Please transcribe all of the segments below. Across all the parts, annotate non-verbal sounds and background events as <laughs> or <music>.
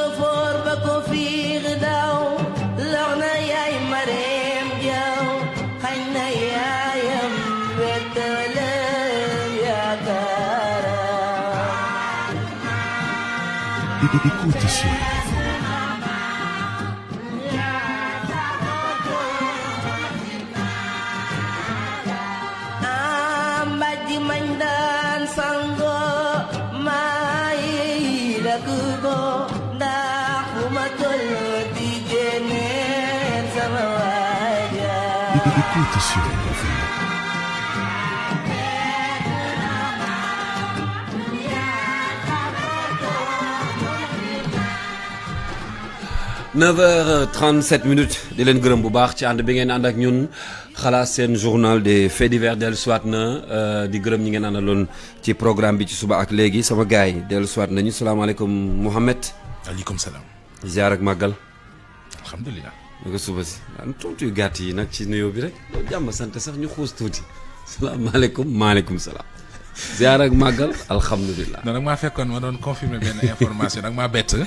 شفور بكو في غداو لغنا يا مريم جاو خلنا يا يم بتلم يا كرام Lite syrlig för mig. neuf heures minutes di leen gërëm bu baax ci ànd bi ngeen ànd ak ñun xalaat seen journal des faits divers dellu siwaat na euh, di gërëm ñi ngeen àndaloon ci programme bi ci suba ak léegi sama gars yi dellu siwaat nañu salaamaaleykum Mouhamed. aleykum salaam. ziar ak màggal. alhamdulilah. ne suba si waaw tontu yi nag ci nuyoo bi rek loolu sant sax ñu xuus tuuti salaamaaleykum maaleykum salaam ziar ak màggal alhamdulilah. non nag maa fekkoon ma doon confirmer benn information nag maa bett. <laughs>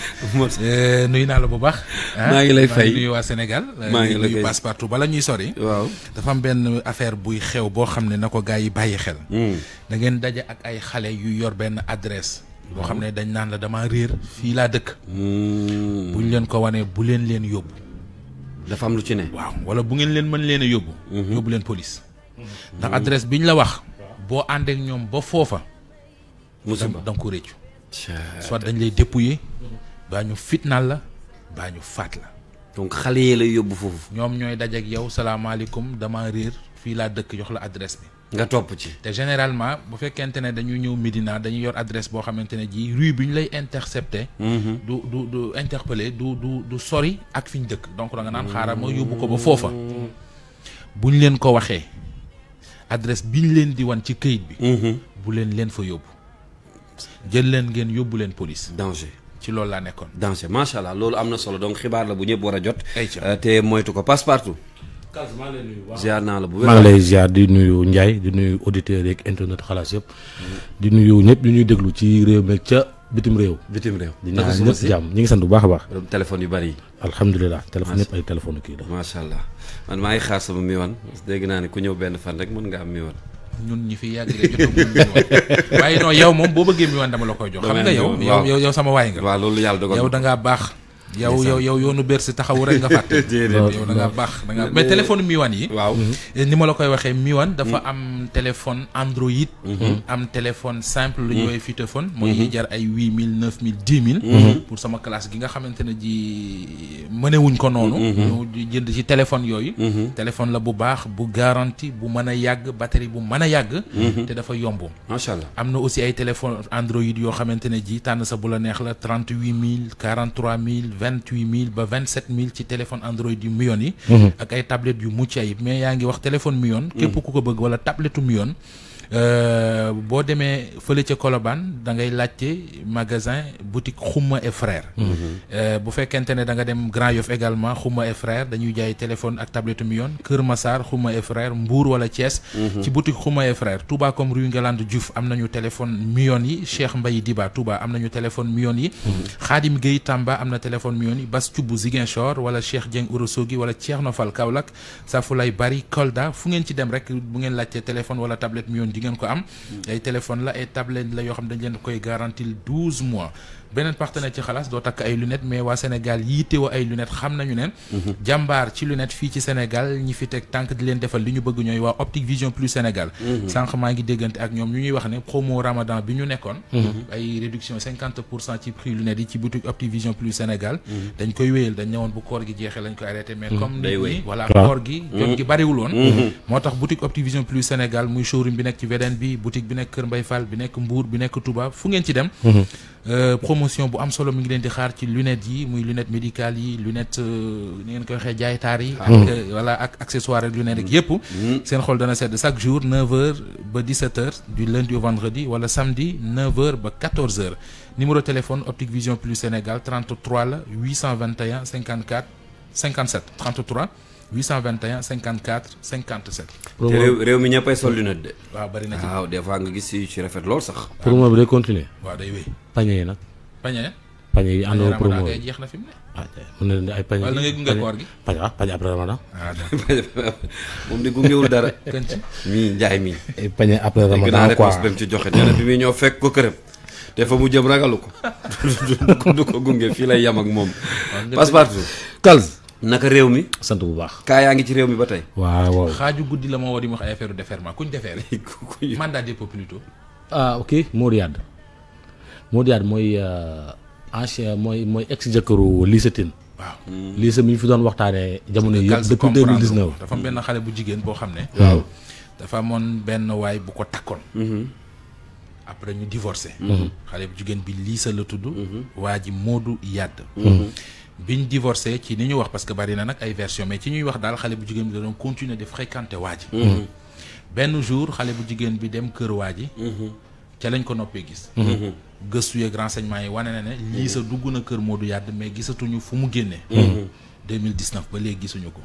Eh, nuyu naa la bu baax. Ah, maa ngi lay fay nuyu waa Sénégal. Eh, maa ngi lay nuyu passe partout bala ñuy sori. waaw dafa am benn affaire buy xew boo xam ne na ko gars yi bàyyi xel. da hmm. ngeen daje ak ay xale yu yor benn adresse. boo xam ne dañ naan la damaa réer fii laa dëkk. Hmm. buñ leen ko wanee bu leen leen yóbbu. dafa am lu ci ne. waaw wala bu ngeen leen mën leen a yóbbu. Mhm. yóbbu leen police. ndax adres bi ñu la wax. boo ànd ñoom ba foofa. musiba da nga ko réccu. soit dañ lay dépouiller. baa ñu fitnaal la baa ñu faat la. donc xale yee lay yóbbu foofu. ñoom ñooy dajeek yow salaamaaleykum damaa réer fii laa dëkk jox la adres bi. nga topp ci. te généralement bu fekkente ne dañu ñëw Médina dañu yor adresse boo xamante ne ji rue bi lay intercepté. Mhm. du du du interpellé du du du sori ak fi dëkk donc on nga naan xaaral ma yóbbu ko ba mhm. foofa. bu ñu ko adresse bi ñu leen di wan ci këyit bi. Mhm. bu fa jël ngeen police. danger ci loolu laa nekkoon. danger macha allah loolu am solo donc xibaar la bu ñëpp war jot. Euh, te moytu ko passe partout. ziar naa la bu wér maa ngi di nuyu Ndiaye di nuyu auditeurs yeeg internet xalaas yëpp. di nuyu ñëpp ñu ñuy déglu ci réew mi ca bitim réew. bitim réew di ñaan ñëpp jàmm ñi ngi sant bu baax a baax. téléphone yu bari yi. alhamdulilah téléphone yëpp ay téléphone kii la. macha allah maa ngi xaar sama miwan dégg naa ne ku ñëw benn fan rek mën nga am miwan. ñun ñi fi yàgg rek jotagul miwan waaye non yow moom boo bëggee miwan dama la koy jox. xam nga yow yow yow sama waay nga. loolu yàlla dogal yow yow yow yoonu Bercy taxawu rek nga fàtte <laughs> yow da ngaa baax da ngaa mais téléphone Miwan yi waaw eh, ni ma la koy waxee Miwan dafa mm. am téléphone Android mm-hmm. am téléphone simple lu ñuy mm-hmm. woowee fitéphone mooy yi mm-hmm. jar ay huit mille neuf mille dix mille pour sama classe gi nga xamante ne ji mënewuñ ko noonu ñoo jënd ci téléphone yooyu téléphone la bu baax bu garanti bu mën a yàgg batterie bu mën a yàgg te dafa yomb macha allah am na aussi ay téléphone Android yoo xamante ne ji tànn sa bu la neex la trente huit mille quarante trois mille 28 000 27 000 le téléphone Android et avec yi mhm. tablettes ay tablette Mais il y a un téléphone wax téléphone qui beaucoup plus ko que tablette million. Euh, bo demee feulé ci Colobane da ngay laccé magasin boutique Khouma et frère. Mhm. Euh, bu fekkente né da nga dem Grand Yoff également Xuma et frère dañuy jay téléphone ak tablette Mion. keur Massar Khouma et frère Mbour wala Thiès. Mhm. ci boutique Khouma et frère Touba comme Rue Ngalande Diouf amna ñu téléphone million yi Cheikh Mbaye Diba Touba amna ñu téléphone million yi. Mhm. Khadim Gueye Tamba amna téléphone téléphone million yi Bas Thioub Ziguinchor wala Cheikh Dieng Ourossogui wala Thierno Fall Kaolack Safulay Bari Kolda fu ngeen ci dem rek bu ngeen laccé téléphone wala tablette million il y a ko am mm. ay téléphone la qui tablette 12 mois benen partenaire ci xalaas do tak ay lunettes mais wa Sénégal yiitewoo ay lunettes xam nañu ne. jàmbaar ci lunettes fi ci Sénégal ñi fi tek tank di len defal li ñu bëgg ñoy wa Optique Vision Plus Sénégal. Mhm. sank maa ngi déggante ak ñom ñu ñuy wax né promo Ramadan bi ñu nekkoon. Mhm. ay réduction 50% ci prix lunettes yi ci boutique Optique Vision Plus Sénégal. Mhm. dañ koy wéyal dañ ñewon bu koor gi jéxé lañ ko arrêté. mais comme day voilà koor gi. jot gi bariwul woon. moo boutique Optique Vision Plus Sénégal muy showroom bi nek ci VDN bi boutique bi nek keur Mbaye Fall bi nek Mbour bi nek Touba fu ngeen ci dem euh, promotion bu am solo mi ngi lunettes médicales yi lunettes euh, ni ngeen accessoires lunettes xol dana chaque jour 9h ba 17h du lundi au vendredi wala samedi 9h ba 14h numéro téléphone Optique Vision Plus Sénégal 33 821 54 57 33. 821 54 57. promo te réew mi ñëppay sol lunette de. waaw bari na ci waaw des fois nga gis ci rafet lool sax. promo bi day continuer. waaw day wéy. pañe yi nag. pañe. pañe yi àndoo promo na fi mu ne. ah ay pañe. wala na ngay gunge koor gi pañe ah pañe après ramadan. Ah, <laughs> moom di gungewul dara. <laughs> kën ci mii njaay mii. pañe après ramadan quoi bi mu ci joxe nee bi muy ñëw fekk ko këram. te fa mu jëm ragalu ko <laughs> du ko gunge fii lay yam ak moom. passe partout Kalz. naka réew mi. sant bu baax. kaa yaa ngi ci réew mi ba tey. waaw xaaju guddi la ma woo di ma wax ay affaire déferment kuñ defeere <laughs> mandat dépôt plutôt. ah ok Modou Yade Modou Yade mooy euh, ancien mooy mooy ex jëkkëru Lissa Tine. waaw ñu hmm. fi doon waxtaanee. jamono yi yëpp depuis 2019. benn xale bu jigéen boo xam ne. dafa amoon benn waay bu ko takkoon. Hmm. après ñu divorcé. Hmm. xale bu jigéen bi Lissa la tudd. waa ji Modou Yade. biñ divorcé ci ni wax parce que bari na nak ay version mais ci ñuy wax dal xalé bu jigen bi da doon continuer de fréquenter waa ben benn jour xalé bu jigen bi dem kër waa ji mhm. ca lañ ko noppé gis mhm. gëstu yeeg renseignement yi wané né li sa dugg na kër Modou yad mais gisatuñu fu mu génnee 2019 ba légui gisuñu ko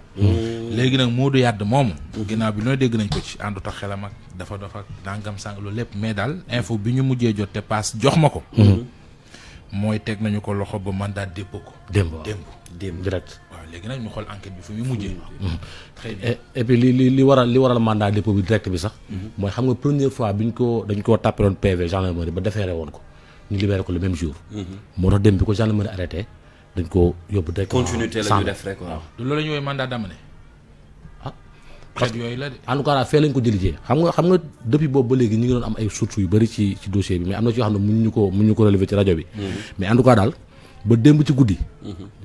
légui nak Modou yad mom ginaaw bi looy dégg nañ ko ci andu tax xelam ak dafa dafa dangam sang loolu lépp mais dal info biñu mujjé jot te pass jox ma mooy teg nañu ko loxo ba mandat dépo ko. démb waaw démb direct. waaw ñu xool enquête bi fu muy mujjee. Mm-hmm. très li li li waral li waral mandat dépôt bi direct bi sax. Mm-hmm. mooy xam nga première fois bi ñu ko dañ koo tàppeeloon PV gendarmerie ba defeere woon ko ñu libéré ko le même jour. Mm-hmm. moo tax démb bi ko gendarmerie arrêté dañ ko yóbbu direct. continuité la ñu def rek waaw. loolu la ñu woowee mandat parce que la de en tout cas fee lañ ko diligee xam nga xam nga depuis boobu ba léegi ñu ngi doon am ay sources yu bëri ci ci bi mais am na ci yoo xam ne mhm.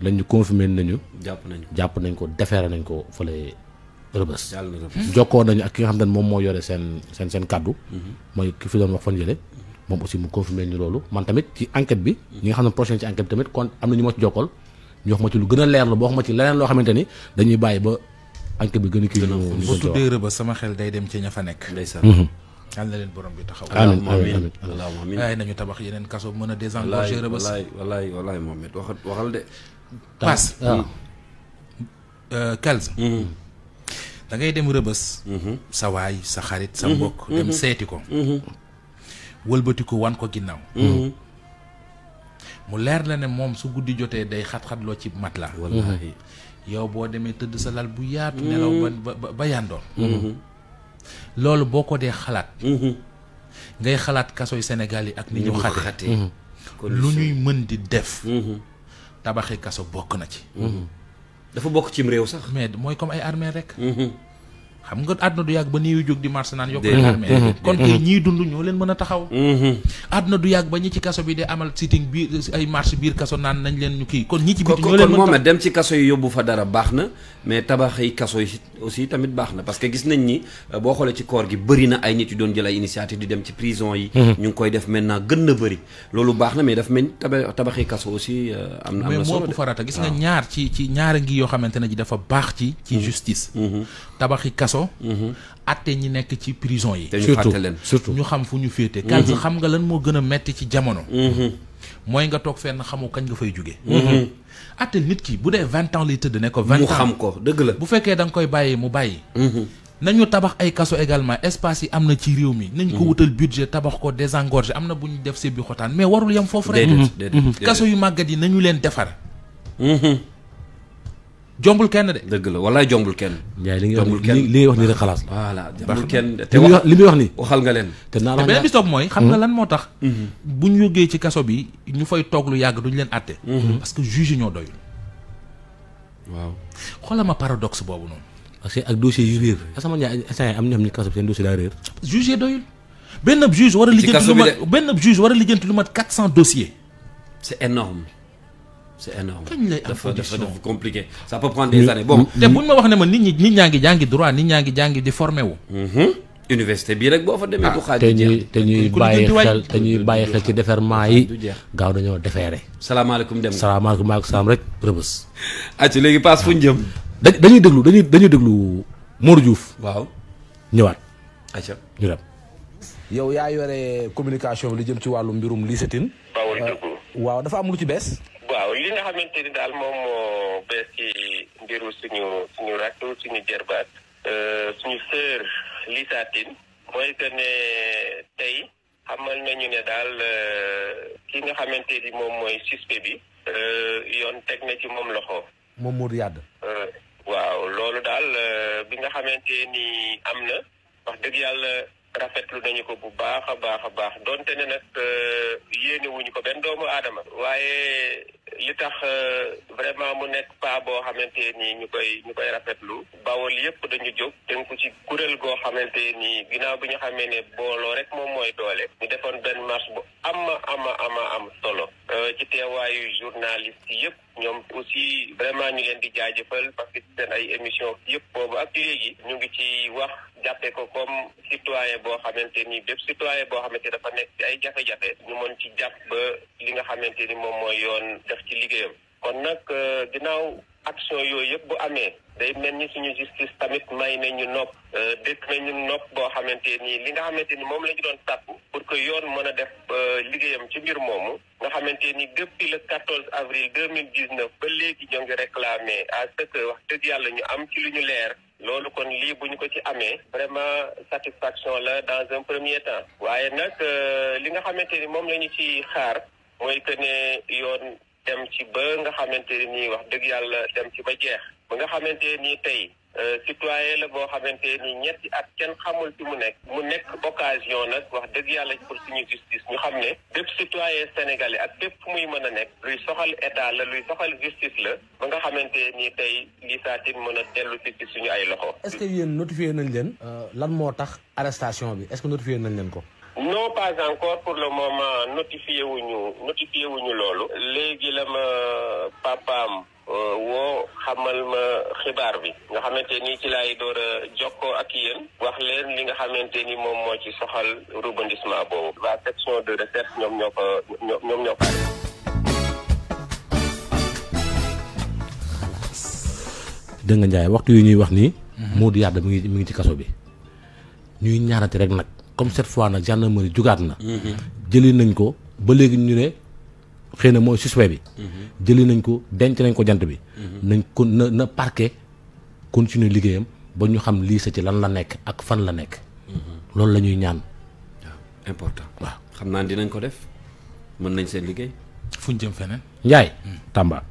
mhm. jàpp nañ ko jàpp nañ ko defeere nañ ko fële rëbës ak xam ne moom moo yore seen seen seen kàddu mhm. mooy ki fi doon wax fan yële moom aussi mu confirmé ñu loolu man tamit ci enquête bi ñi nga xam ne prochaine ci enquête bi tamit kon am na ñu ma ci jokkool ñu wax ma ci lu gën a leer la boo wax ma ci leneen loo xamante ni dañuy bàyyi ba enquête bi gën a kii gën a bu tuddee sama xel day dem ci ña fa nekk ndeysaan yàlla na mm-hmm. leen borom bi taxaw amiin amiin allahumma amiin ay nañu tabax yeneen kaso mën a désengorger rëbës wallaay wallaay wallaay Mohamed waxal waxal de paas ah. hmm. euh, Kals hmm. da ngay dem rëbës hmm. sa waay sa xarit sa mbokk dem seeti ko wëlbati ko wan ko ginnaaw mu leer la ne moom su guddi jotee day xat-xatloo ci mat la wallaahi yow boo demee tëdd sa lal bu yaatu nelaw ba mm-hmm. ba ba yandoon mm-hmm. loolu boo ko dee xalaat mm-hmm. ngay xalaat kasoy senegal yi ak ni ñu xate lu ñuy mën di def tabaxi kaso bokk na ci dafa bokk cim réew sax mooy comme ay armée rek xam nga àdduna du yàgg ba néew jóg di marché naan yokk leen armée kon kay ñiy dund ñoo leen mën a taxaw mm-hmm. àdduna du yàgg ba ñi ci kaso bi di amal sitting biir ay marché biir kaso naan nañ leen ñu kii kon ñi ci biti ñoo leen mën a taxaw kon moom dem ci kaso yi yóbbu fa dara baax na mais tabax tamit baax na parce que gis nañ ni euh, boo xoolee ci koor gi bëri na ay nit yu doon jël ay initiative di dem ci prison yi mm-hmm. ñu ngi koy def maintenant gën na bëri loolu baax na mais daf mel tabax euh, na am na solo mais moo farata gis ñaar ci ci ñaara ngi yoo xamante ne ji dafa baax ci ci mm-hmm. justice tabaxi kaso kaso mhm. atte ñi nekk ci prison yi surtout surtout ñu xam fu ñu féete mhm. kan xam nga lan moo gën a metti ci jamono mhm. mooy nga toog fenn xamu kañ nga fay jóge attel nit ki bu dee vingt ans lay tëdd ne ko vingt ans mu xam ko dëgg la bu fekkee danga koy bàyyi mu bàyyi nañu tabax ay kaso également espace yi am na ci réew mi nañ ko wutal budget tabax ko désengorger am na bu ñu def sébbi xotaan mais warul yam foofu rek kaso yu màggat yi nañu leen defar jombul kenn de. dëgg la walaay jombul kenn. jombul kenn li ngay wax nii rek xalaas la. voilà jombul kenn te wax li muy wax nii. waxal nga leen. te naa la beneen bi topp mooy. xam nga hmm. lan moo tax. Hmm. bu ñu yóggee ci kaso bi ñu fay toog lu yàgg duñu leen àtte. Hmm. parce que juge ñoo doyul. waaw xoolal ma paradoxe boobu noonu. parce que ak dossier yu réer. asamaan yaa am na ñoo xam ne kaso bi seen dossier daa réer. juge doyul benn juge war a. ci bi benn juge war a lijjanti lu mat quatre cent dossiers. c'est énorme c'est énorme kañ lay am dafa dafa compliqué ça peut prendre des années bon té buñ ma wax né ma nit ñi nit ñangi jangi droit nit ñangi jangi di formé wu mhm. université bi rek fa ah, du ñuy ñuy xel ñuy xel ci yi gaaw dem rek acci fuñ jëm dañuy déglu dañuy dañuy déglu Mor Diouf ñëwaat ñu dem yow yaa yore communication li jëm ci mbirum lycétine waaw dafa am lu ci waaw li nga xamante ni daal moom moo bees ci mbiru suñu suñu rakk suñu jërbaat euh, suñu sœur lisaatin mooy que ne tey xamal nañu ne daal euh, ki nga xamante ni moom mooy suspect bi euh, yoon teg na ci moom loxo moom Modou yàdd waaw loolu daal bi nga xamante ni am na wax dëgg yàlla rafetlu nañu ko bu baax a baax a baax donte ne nag euh, yéene wuñu ko benn doomu aadama waaye li tax euh, vraiment mu nekk pas boo xamante nii ñu koy ñu koy rafetlu bawol yëpp dañu jóg ko ci kuréel goo xamante nii ginaaw bi ñu xamee ne booloo rek moom mooy doole ñu defoon benn marche bu am ama ama am solo euh, ci teewaayu journaliste yëpp ñoom aussi vraiment ñu leen di jaajëfal parce que seen ay émission yëpp boobu ak léegi ñu ngi ci wax jàppe ko comme citoyen boo xamante ni bépp citoyen boo xamante dafa nekk ci ay jafe-jafe ñu mën ci jàpp ba li nga xamante ni moom mooy yoon def ci liggéeyam kon nag euh, ginnaaw action yoyep bu amé day melni suñu justice tamit may nañu nopp euh, dëkk nañu nopp bo xamanteni li nga xamanteni mom lañu la ñu doon sàkku pour que yoon mëna def euh, ligéyam ci bir moomu nga xamanteni depuis le 14 avril 2019 ba légui ñoo ngi réclamé à ce que wax dëgg yalla ñu am ci lu ñu leer lolu kon li buñ ko ci amé vraiment satisfaction la dans un premier temps waye nak euh, li nga xamanteni mom lañu ci xaar moy que né yoon dem ci ba nga xamante nii wax dëgg yàlla dem ci ba jeex ba nga xamante nii tey euh, citoyen la boo xamante ni ñetti at kenn xamul fi mu nekk mu nekk occasion nag wax dëgg yàlla pour suñu justice ñu xam ne bépp citoyen sénégalais ak bépp fu muy mën a nekk luy soxal état la luy soxal justice la ba nga xamante nii tey lii saatin mën a dellu si ci suñu ay loxo. est-ce que yéen notifié nañ leen. Euh, lan moo tax arrestation bi est-ce que notifié nañ leen ko. non pas encore pour le moment notifié notifié wuñu Lolo, la ma papaam euh, xamal ma xibaar bi nga ci a ak yéen wax leen li nga xamante ni moom ci soxal section de recherche ñoom ñoo ko ñoom ñoo ko dégg waxtu yu ñuy wax nii de ngi ci bi ñuy rek comme cette fois nag gendarmerie jugaat na. Mhm. jëli nañ ko ba léegi ñu ne xëy na mooy suspect bi. Mhm. jëli nañ ko denc nañ ko jant bi. Mhm. nañ ko na na parquet liggéeyam ba ñu xam lii sa ci lan la nekk ak fan la nekk. loolu la ñuy ñaan. waaw important waaw. xam naa dinañ ko def mën nañ seen liggéey. fuñ jëm feneen. Ndiaye. Hmm. Tamba.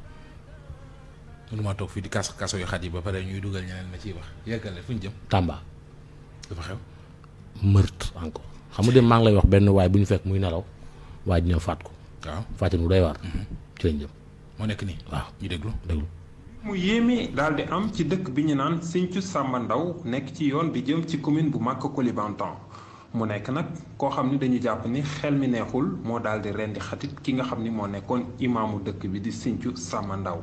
mënuma toog fii di kaso kaso yu xat yi ba pare ñuy dugal ñeneen ma ciy wax fu ñu jëm. Tamba dafa meurtre encore xam nga dem maa ngi lay wax benn waay bu ñu fekk muy nelaw waaye dina faat ko. waaw fàtte day doy waar. Mhm. ci lañ jëm. moo nekk nii waaw ñu déglu déglu. mu yéeme daal di am ci dëkk bi ñu naan Sinthiou Samba Ndaw nekk ci yoon bi jëm ci commune bu Maka Koulibantang mu nekk nag koo xam ni dañu jàpp ni xel mi neexul moo daal di rendi xatit ki nga xam ni moo nekkoon imaamu dëkk bi di Sinthiou Samba Ndaw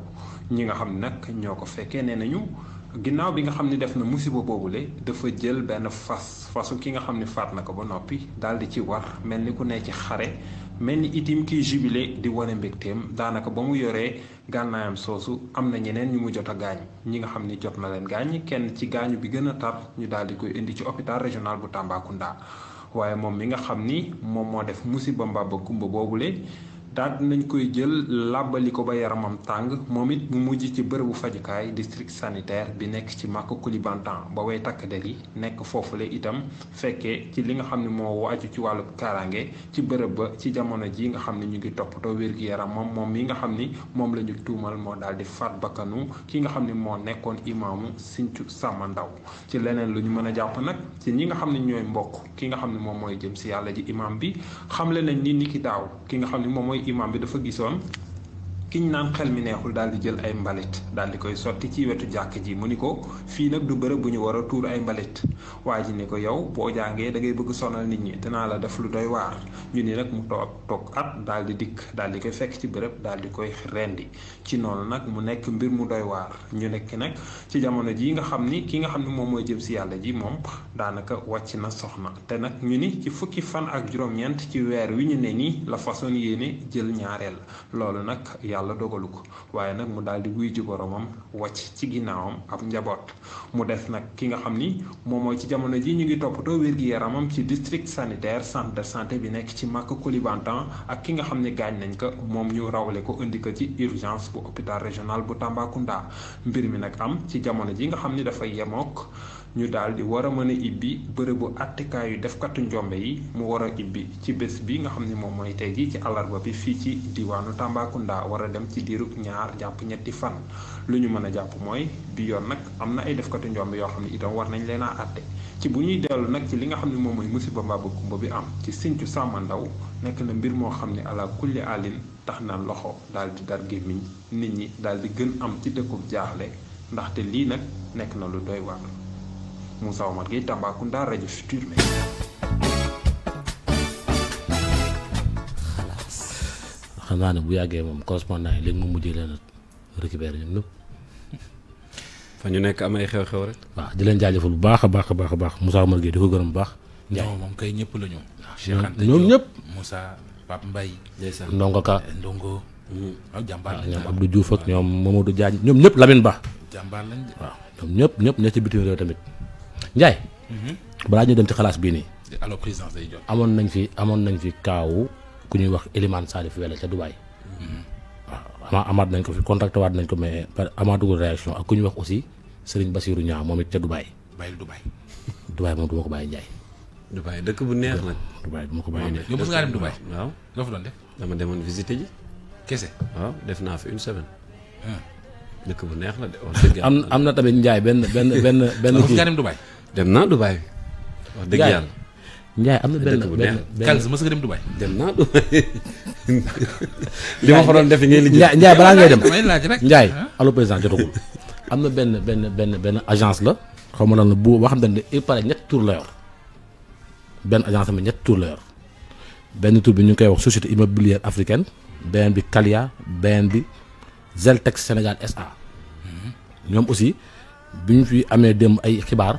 ñi nga xam ne nag ñoo ko fekkee nee nañu. ginnaaw bi nga xam ni def na musiba le dafa jël benn fas fasu ki nga xam ni faat na ko ba noppi daal di ci war mel ni ku ne ci xare mel ni itim kiy jubilé di wane mbégteem daanaka ba mu yoree gànnaayam soosu am na ñeneen ñu mu jot a gaañ ñi nga xam ni jot na leen gaañ kenn ci gaañu bi gën a tar ñu daal di koy indi ci hôpital régional bu Tambacounda waaye moom mi nga xam ni moom moo def musiba mbaa ba boobu le daat nañ koy jël làbbali ko ba yaramam tàng moom it mu mujj ci bërëbu fajukaay district sanitaire bi nekk ci màkk kulibantan ba way takk der yi nekk foofule itam fekkee ci li nga xam ne moo waaju ci wàllu kaaraange ci bërëb ba ci jamono ji nga xam ne ñu ngi toppatoo wér gi yaram moom moom mi nga xam ni moom la ñu tuumal moo daal di faat bakkanu ki nga xam ne moo nekkoon imaamu sincu ci leneen lu ñu mën a ci ñi nga mbokk ki nga jëm si yàlla ji imaam bi xamle nañ ni niki daaw ki nga xam mooy imam bi dafa gisoon kiñ naan xel mi neexul daal di jël ay mbalit daal di koy sotti ci wetu jàkk ji mu ni ko fii nag du bërëb bu ñu war a tuur ay mbalit waa ji ni ko yow boo jàngee da ngay bëgg sonal nit ñi dinaa la def lu doy waar ñu ni nag mu toog toog at daal di dikk daal di koy fekk ci bërëb daal di koy rendi ci noonu nag mu nekk mbir mu doy waar ñu nekk nag ci jamono ji nga xam ni ki nga xam ni moom mooy jëm si yàlla ji moom daanaka wàcc na soxna te nag ñu ni ci fukki fan ak juróom-ñeent ci weer wi ñu ne nii la façon yéene jël ñaareel loolu nag yàlla yàlla dogalu ko waaye nag mu daal di wuy ji boromam wàcc ci ginnaawam ab njaboot mu des nag ki nga xam ni moom mooy ci jamono ji ñu ngi toppatoo wér-gi-yaramam ci district sanitaire centre de santé bi nekk ci Maka Koulibantang ak ki nga xam ne gaañ nañ ko moom ñu rawale ko indi ko ci urgence bu hôpital régional bu Tambacounda mbir mi nag am ci jamono ji nga xam ni dafa yemook ñu dal di wara mëna ibbi bërebu ibbi bërëbu attekaayu defkatu njombe yi mu wara ibbi ci bës bi nga xamni mom moy tay tey ji ci alarba bi fi ci diwanu tambakunda wara dem ci diirub ñaar japp ñetti fan lu ñu mëna japp moy bi yoon nak amna na ay defkatu njombe yoo xam itam war nañ leena atté ci bu ñuy dellu nak ci li nga xamni mom moy musiba mbaa kumba bi am ci sincu sàmma ndaw na mbir mo xamni ala kulli alin taxna loxo dal di dar gemiñ nit ñi dal di gën am ci dëkkub jaaxle ndaxte li nak nek na lu doy Moussa Oumar Gueye Tambacounda rajo Futur Media. xam naa ne bu yàggee moom correspondant yi léegi mu mujj leen a récupérer ñoom ñëpp. fa ñu nekk am ay xew-xew rek. waaw di leen jaajëfal bu baax a baax a baax a baax Moussa Oumar Gueye di ko gërëm bu baax. Ndiaye moom kay ñëpp la ñu. waaw ñoom ñëpp Moussa Pape Mbaye. ndeysaan Ndongo Ka eh, Ndongo. Mm. waaw jàmbaar lañ ñoom Abdou Diouf ak ñoom du Diagne ñoom ñëpp Lamine Ba. jàmbaar lañ ñoom ñëpp ñëpp ña ci bitim réew tamit. Ndiaye. Mhm. bala ñu dem ci xalaas bi ni alors présidence day jot. amon nañ fi amon nañ fi kaw ku ñuy wax Elimane Salif Wele ca Dubaay. hmm amad nañ ko fi contact waat nañ ko mais amaatugul réaction ak ku ñuy wax aussi Serigne Bassirou Niang momit ci ca bayil bàyyi Dubaay. mo moom ko baye Ndiaye. Dubaay dekk bu neex nak Dubaay du ma ko bàyyi neex. yo mos dem waaw fa doon def. dama demone visiter ji. kessé waaw def na fi une semaine. Ah. bu neex la de am ben ben ben ben dem naa Dubaay. wax dëgg yàlla Ndiaye am na benn benn Kals dem Dubaay. dem naa Dubaay. <laughs> li ma doon def ngay liggéey. Ndiaye balaa ngay dem damay laaj rek Ndiaye allo <laughs> am na benn benn benn benn agence la. xaw ma lan la bu boo xam ne il paraît ñetti tur la benn agence am ñetti tur la yor bi ñu koy wax société immobilière africaine beneen bi Kalia beneen bi Zeltex Sénégal SA. Mhm. ñoom aussi bu ñu fi amee démb ay xibaar.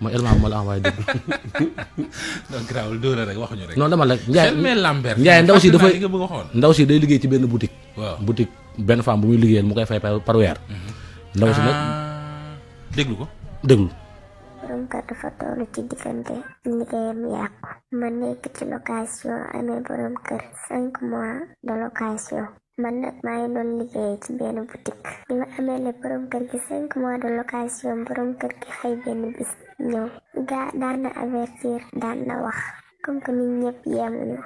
mooy El Mame la Awa Diop. <laughs> E non garaawul dóor rek waxuñu rek. non dama la Ndiaye xel Lambert. Ndiaye ndaw si dafay ndaw si day liggéey ci benn boutique. waaw boutique benn femme bu muy liggéeyal mu koy fay par weer. ndaw si nak déglu ko déglu. borom kër dafa toll ci diggante liggéeyam yàqu. ma nekk ci location amee borom kër. 5 mois de location. man nag maa ngi doon liggéey ci benn boutique. bi ma amee le borom kër gi 5 mois de location borom kër gi xëy benn bis. ñëw gaa na avertir daan wax comme que nit ñëpp yemuñu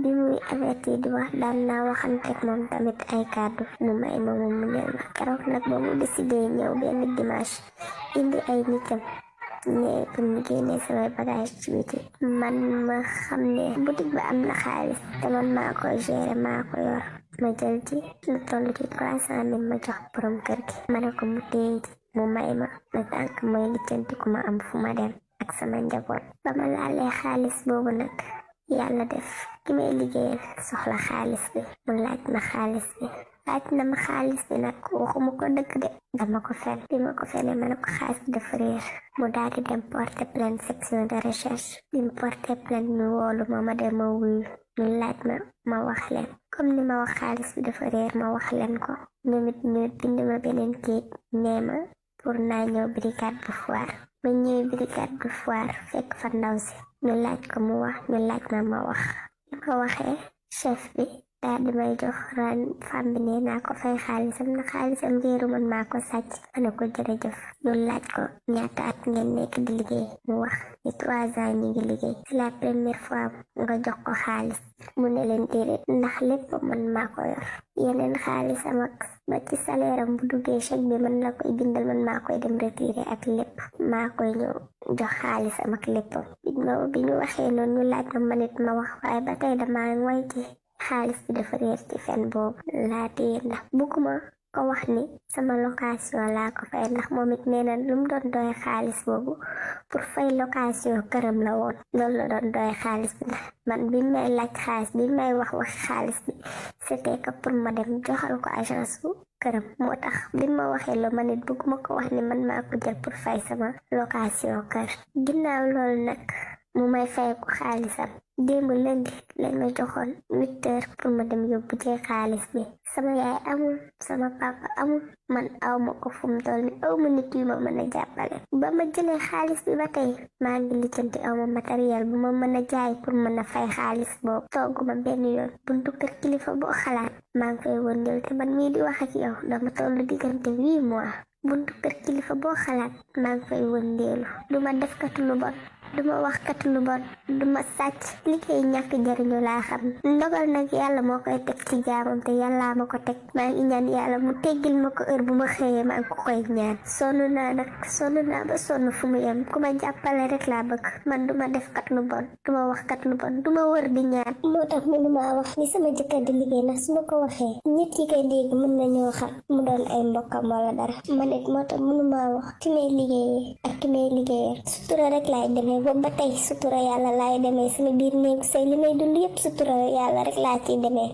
bi muy avertir di wax daan naa waxanteeg moom tamit ay kàddu mu may ma moom mu ñëw ma keroog nag ba mu décidé ñëw benn dimanche indi ay nitam ne pour ñu génnee samay bagage ci biti man ma xam ne boutique ba am na xaalis te maa koy gérer maa ko yor ma jël ci lu toll ci trois ma jox borom kër ma ne mu téye mo may ma na tànk may lijjanti ku ma am fu ma dem ak sama njaboot ba ma laalee xaalis boobu nag yàlla def ki may liggéeyal soxla xaalis bi mu laaj ma xaalis bi laaj na ma xaalis bi nag waxuma ko dëgg de dama ko fen bi ma ko fenee ma ne ko xaalis bi dafa réer mu daal di dem porter plainte section de recherche bi mu porter plainte ñu woolu ma ma dem ma wuyu ñu laaj ma ma wax leen comme ni ma wax xaalis bi dafa réer ma wax leen ko ñoom it ñu bind ma beneen kéeg nee ma pour naa ñëw brigade bu foire ma ñëwee fekk fa ndaw laaj ko mu laaj ma ma wax li ma waxee chef bi daal di may jox ran femme bi nee naa ko fay xaalisam na xaalisam man maa ko sàcc ma ne ko jërëjëf ñu laaj ko ñaata at ngeen nekk di liggéey mu wax ni trois ans liggéey c'est la première fois nga jox ko xaalis mu ne leen déedéet ndax lépp man maa ko yeneen xaalisam ak ba ci salaire bu duggee chèque bi man la koy bindal man maa koy dem retiré ak lépp maa koy jox xaalisam ak lépp bi ñu waxee laaj ma manit ma wax waaye ba tey damaa ngoy xaalis bi dafa réer ci fen boobu laa téye bugguma ko wax ni sama location laa fay ndax moom it nee na doon doy xaalis boobu pour fay location këram la woon loolu la doon doy xaalis bi may wax wax xaalis bi c'était que pour ma dem joxal ko agence bu këram moo tax bi ma waxe loo ma bugguma ko wax ni man ma ko jël pour fay sama location kër ginnaaw loolu nag mu may fay ko xaalisam démb lundi lañ ma joxoon huit heures pour ma dem yóbbu jee xaalis bi sama yaay amul sama papa amul man aw ma ko toll ni aw ma nit yu ma mën a jàppale ba ma jëlee xaalis bi ba tey maa ngi lijjanti aw ma matériel bu ma mën a jaay pour man a fay xaalis boobu togg ma benn yoon buntu kër kilifa boo xalaat maa ngi koy wëndeel te man mii di wax ak yow dama toll diggante huit buntu kër kilifa bo xalaat maa ngi fay wëndeelu du ma def kat lu bon duma wax kat lu bon duma sàcc liggéey ñàkk jariñu laa xam ndogal nag yàlla moo koy teg ci jaamam te yàllaa ma ko teg maa ngi ñaan yàlla mu teggil ma ko bu ma xëyee maa ngi ko koy ñaan sonu naa nag sonu naa ba sonu fu mu yem ku ma jàppale rek laa bëgg man duma def kat lu bon duma wax kat lu bon duma wër di ñaan moo tax mënumaa wax ni sama jëkkër di liggéey na su ma ko waxee ñett yi koy dégg mën nañoo xam mu doon ay mbokkam wala dara rek moo tax mënumaa wax ci may liggéeyee ak ki may liggéeyal sutura rek laay demee boobu ba tey sutura yàlla laay demee sama biir néegu sëy li may dund yëpp sutura yàlla rek laa tii demee